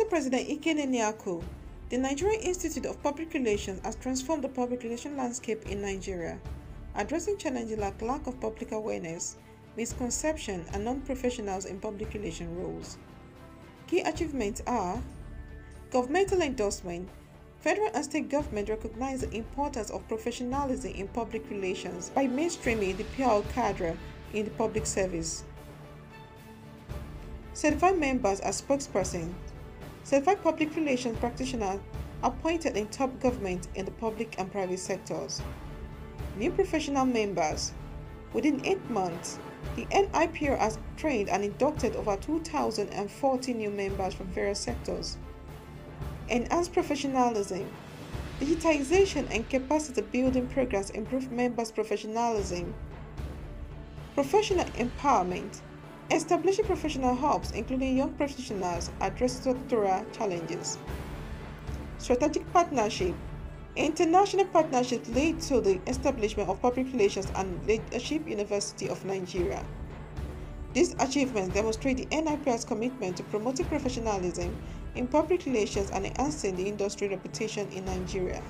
Under President Ikene the Nigerian Institute of Public Relations has transformed the public relations landscape in Nigeria, addressing challenges like lack of public awareness, misconception, and non-professionals in public relations roles. Key achievements are governmental endorsement. Federal and state government recognize the importance of professionalism in public relations by mainstreaming the PR cadre in the public service. Certified members as spokesperson Certified public relations practitioners appointed in top government in the public and private sectors. New professional members. Within eight months, the NIPR has trained and inducted over 2,040 new members from various sectors. Enhanced professionalism. Digitization and capacity building programs improve members' professionalism. Professional empowerment. Establishing professional hubs, including young practitioners, address structural challenges. Strategic partnership. International partnerships lead to the establishment of Public Relations and Leadership University of Nigeria. These achievements demonstrate the NIPR's commitment to promoting professionalism in public relations and enhancing the industry reputation in Nigeria.